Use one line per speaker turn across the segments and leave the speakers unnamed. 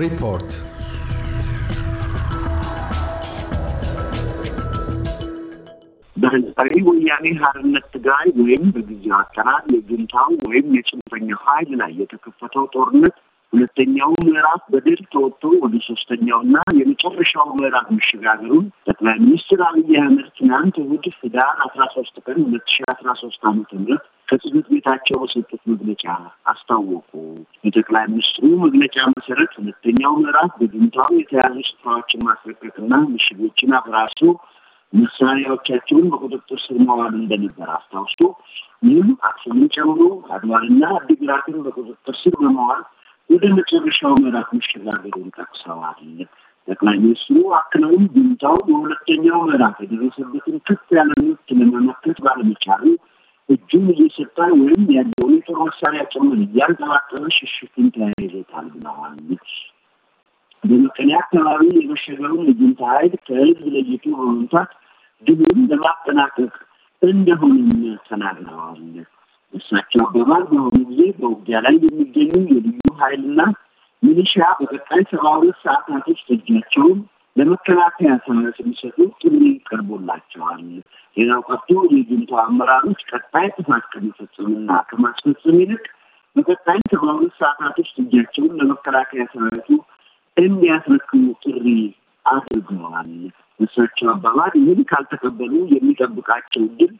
ሪፖርት በህዝባዊ ወያኔ ሀርነት ትግራይ ወይም በጊዜው አጠራር የጁንታው ወይም የጽንፈኛው ኃይል ላይ የተከፈተው ጦርነት ሁለተኛው ምዕራፍ በድል ተወጥቶ ወደ ሶስተኛውና የመጨረሻው ምዕራፍ መሸጋገሩን ጠቅላይ ሚኒስትር አብይ አህመድ ትናንት እሑድ ህዳር አስራ ሶስት ቀን ሁለት ሺ አስራ ሶስት አመተ ምህረት ከጽህፈት ቤታቸው በሰጡት መግለጫ አስታወቁ። የጠቅላይ ሚኒስትሩ መግለጫ መሰረት ሁለተኛው ምዕራፍ በጁንታው የተያዙ ስፍራዎችን ማስለቀቅና ምሽጎችን አፍራሶ መሳሪያዎቻቸውን በቁጥጥር ስር መዋል እንደነበር አስታውሶ ይህም አክሱምን ጨምሮ አድዋንና አዲግራትን በቁጥጥር ስር በመዋል ወደ መጨረሻው ምዕራፍ መሸጋገሩን ጠቅሰዋል። ጠቅላይ ሚኒስትሩ አክለውም ጁንታው በሁለተኛው ምዕራፍ የደረሰበትን ከፍ ያለ ምርት ለመመከት ባለመቻሉ እጁም እየሰጣ ወይም ያለውን ጦር መሳሪያ ጭምር እያንጠባጠበ ሽሽትን ተያይዘታል ብለዋል። በመቀሌ አካባቢ የመሸገውን የጁንታ ኃይል ከህዝብ ለይቶ በመምታት ድሉን ለማጠናቀቅ እንደሆነም ተናግረዋል። እሳቸው አባባል በአሁኑ ጊዜ በውጊያ ላይ የሚገኙ የልዩ ኃይልና ሚሊሻ በቀጣይ ሰባ ሁለት ሰዓታቶች እጃቸውን ለመከላከያ ሰራዊት የሚሰጡ ጥሪ ቀርቦላቸዋል። ሌላው ቀርቶ የጁንታ አመራሮች ቀጣይ ጥፋት ከመፈጸምና ከማስፈጸም ይልቅ በቀጣይ ሰባ ሁለት ሰዓታት ውስጥ እጃቸውን ለመከላከያ ሰራዊቱ እንዲያስረክቡ ጥሪ አድርገዋል። እሳቸው አባባል ይህን ካልተቀበሉ የሚጠብቃቸው ድል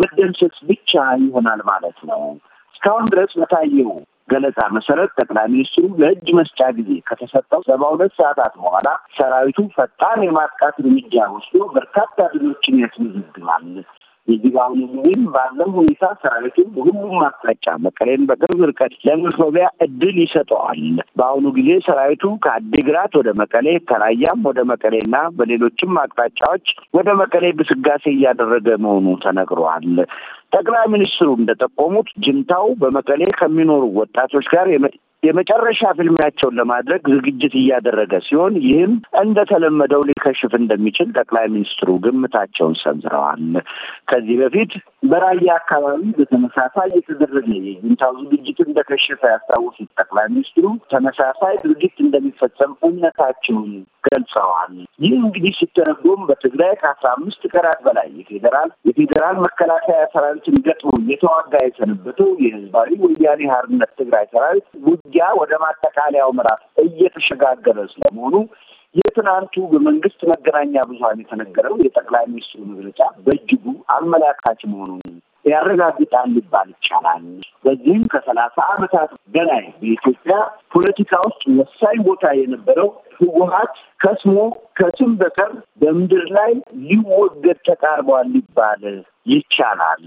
መደምሰስ ብቻ ይሆናል ማለት ነው። እስካሁን ድረስ በታየው ገለጻ መሰረት ጠቅላይ ሚኒስትሩ ለእጅ መስጫ ጊዜ ከተሰጠው ሰባ ሁለት ሰዓታት በኋላ ሰራዊቱ ፈጣን የማጥቃት እርምጃ ወስዶ በርካታ ድሎችን ያስመዘግባል እዚህ አሁን ግን ባለው ሁኔታ ሰራዊቱን ሁሉም አቅጣጫ መቀሌን በቅርብ ርቀት ለመክበቢያ እድል ይሰጠዋል። በአሁኑ ጊዜ ሰራዊቱ ከአዲግራት ወደ መቀሌ ከራያም ወደ መቀሌና በሌሎችም አቅጣጫዎች ወደ መቀሌ ግስጋሴ እያደረገ መሆኑ ተነግሯል። ጠቅላይ ሚኒስትሩ እንደጠቆሙት ጅምታው በመቀሌ ከሚኖሩ ወጣቶች ጋር የመጨረሻ ፍልሚያቸውን ለማድረግ ዝግጅት እያደረገ ሲሆን ይህም እንደተለመደው ሊከሽፍ እንደሚችል ጠቅላይ ሚኒስትሩ ግምታቸውን ሰንዝረዋል። ከዚህ በፊት በራያ አካባቢ በተመሳሳይ የተደረገ የጁንታው ዝግጅት እንደከሸፈ ያስታወሱት ጠቅላይ ሚኒስትሩ ተመሳሳይ ድርጊት እንደሚፈጸም እምነታቸውን ገልጸዋል። ይህ እንግዲህ ሲተረጎም በትግራይ ከአስራ አምስት ቀናት በላይ የፌዴራል የፌዴራል መከላከያ ሰራዊትን ገጥሞ እየተዋጋ የሰነበተው የህዝባዊ ወያኔ ሀርነት ትግራይ ሰራዊት ውጊያ ወደ ማጠቃለያው ምዕራፍ እየተሸጋገረ ስለመሆኑ የትናንቱ በመንግስት መገናኛ ብዙሀን የተነገረው የጠቅላይ ሚኒስትሩ መግለጫ በእጅጉ አመላካች መሆኑን ያረጋግጣል ሊባል ይቻላል። በዚህም ከሰላሳ አመታት በላይ በኢትዮጵያ ፖለቲካ ውስጥ ወሳኝ ቦታ የነበረው ህወሀት ከስሞ ከስም በቀር በምድር ላይ ሊወገድ ተቃርቧል ሊባል ይቻላል።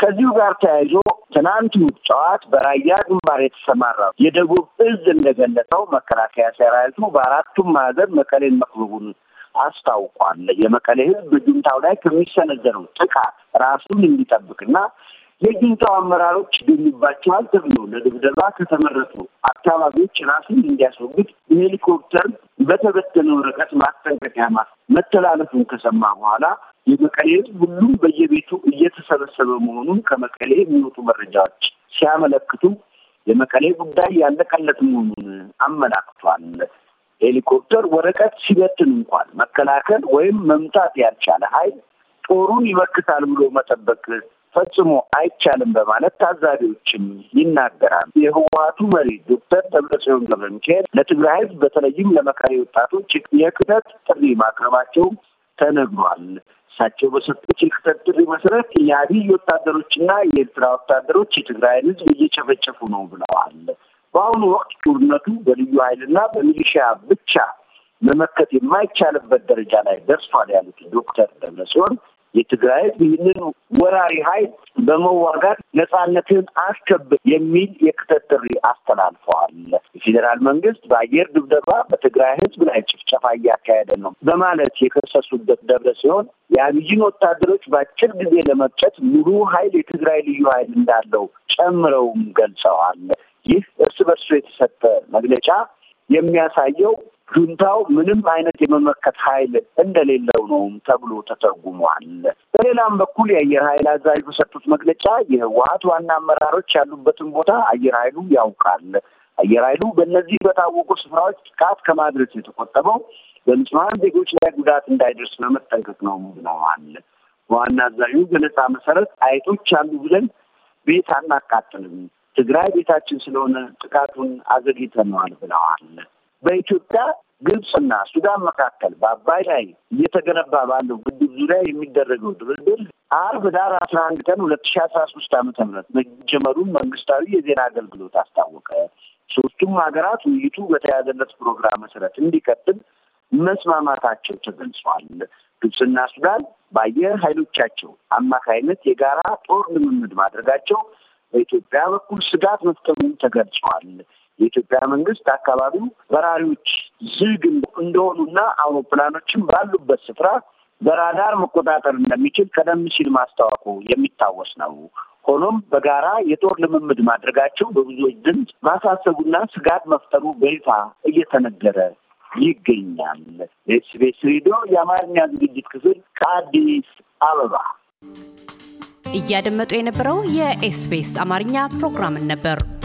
ከዚሁ ጋር ተያይዞ ትናንቱ ጠዋት በራያ ግንባር የተሰማራው የደቡብ እዝ እንደገለጸው መከላከያ ሰራዊቱ በአራቱም ማዕዘን መቀሌን መክበቡን አስታውቋል። የመቀሌ ህዝብ ጁንታው ላይ ከሚሰነዘረው ጥቃት ራሱን እንዲጠብቅና የጁንታው አመራሮች ይገኙባቸዋል ተብሎ ለድብደባ ከተመረጡ አካባቢዎች ራሱን እንዲያስወግድ በሄሊኮፕተር በተበተነ ወረቀት ማስጠንቀቂያ መተላለፉን ከሰማ በኋላ የመቀሌ ሕዝብ ሁሉም በየቤቱ እየተሰበሰበ መሆኑን ከመቀሌ የሚወጡ መረጃዎች ሲያመለክቱ የመቀሌ ጉዳይ ያለቀለት መሆኑን አመላክቷል። ሄሊኮፕተር ወረቀት ሲበትን እንኳን መከላከል ወይም መምታት ያልቻለ ኃይል ጦሩን ይመክታል ብሎ መጠበቅ ፈጽሞ አይቻልም በማለት ታዛቢዎችም ይናገራሉ። የህወሀቱ መሪ ዶክተር ደብረጽዮን ገብረ ሚካኤል ለትግራይ ህዝብ በተለይም ለመካሪ ወጣቶች የክተት ጥሪ ማቅረባቸው ተነግሯል። እሳቸው በሰጡት የክተት ጥሪ መሰረት የአብይ ወታደሮችና የኤርትራ ወታደሮች የትግራይን ህዝብ እየጨፈጨፉ ነው ብለዋል። በአሁኑ ወቅት ጦርነቱ በልዩ ኃይልና በሚሊሻ ብቻ መመከት የማይቻልበት ደረጃ ላይ ደርሷል ያሉት ዶክተር ደብረጽዮን የትግራይ ይህንን ወራሪ ኃይል በመዋጋት ነጻነትን አስከብር የሚል የክተት ጥሪ አስተላልፈዋል። የፌዴራል መንግስት በአየር ድብደባ በትግራይ ህዝብ ላይ ጭፍጨፋ እያካሄደ ነው በማለት የከሰሱበት ደብረ ሲሆን የአብይን ወታደሮች በአጭር ጊዜ ለመቅጨት ሙሉ ኃይል የትግራይ ልዩ ኃይል እንዳለው ጨምረውም ገልጸዋል። ይህ እርስ በርሱ የተሰጠ መግለጫ የሚያሳየው ጁንታው ምንም አይነት የመመከት ኃይል እንደሌለው ነው ተብሎ ተተርጉሟል። በሌላም በኩል የአየር ኃይል አዛዥ በሰጡት መግለጫ የህወሀት ዋና አመራሮች ያሉበትን ቦታ አየር ኃይሉ ያውቃል። አየር ኃይሉ በእነዚህ በታወቁ ስፍራዎች ጥቃት ከማድረስ የተቆጠበው በንጹሐን ዜጎች ላይ ጉዳት እንዳይደርስ በመጠንቀቅ ነው ብለዋል። በዋና አዛዡ ገለጻ መሰረት አይጦች አሉ ብለን ቤት አናቃጥልም፣ ትግራይ ቤታችን ስለሆነ ጥቃቱን አዘግይተነዋል ብለዋል። በኢትዮጵያ ግብፅና ሱዳን መካከል በአባይ ላይ እየተገነባ ባለው ግድብ ዙሪያ የሚደረገው ድርድር አርብ ዳር አስራ አንድ ቀን ሁለት ሺ አስራ ሶስት ዓመተ ምህረት መጀመሩን መንግስታዊ የዜና አገልግሎት አስታወቀ። ሶስቱም ሀገራት ውይይቱ በተያዘለት ፕሮግራም መሰረት እንዲቀጥል መስማማታቸው ተገልጿል። ግብፅና ሱዳን በአየር ኃይሎቻቸው አማካይነት የጋራ ጦር ልምምድ ማድረጋቸው በኢትዮጵያ በኩል ስጋት መፍጠሩን ተገልጿል። የኢትዮጵያ መንግስት አካባቢው በራሪዎች ዝግ እንደሆኑና አውሮፕላኖችም ባሉበት ስፍራ በራዳር መቆጣጠር እንደሚችል ቀደም ሲል ማስታወቁ የሚታወስ ነው። ሆኖም በጋራ የጦር ልምምድ ማድረጋቸው በብዙዎች ድምፅ ማሳሰቡና ስጋት መፍጠሩ በይፋ እየተነገረ ይገኛል። ኤስቤስ ሬዲዮ የአማርኛ ዝግጅት ክፍል ከአዲስ አበባ እያደመጡ የነበረው የኤስቤስ አማርኛ ፕሮግራምን ነበር።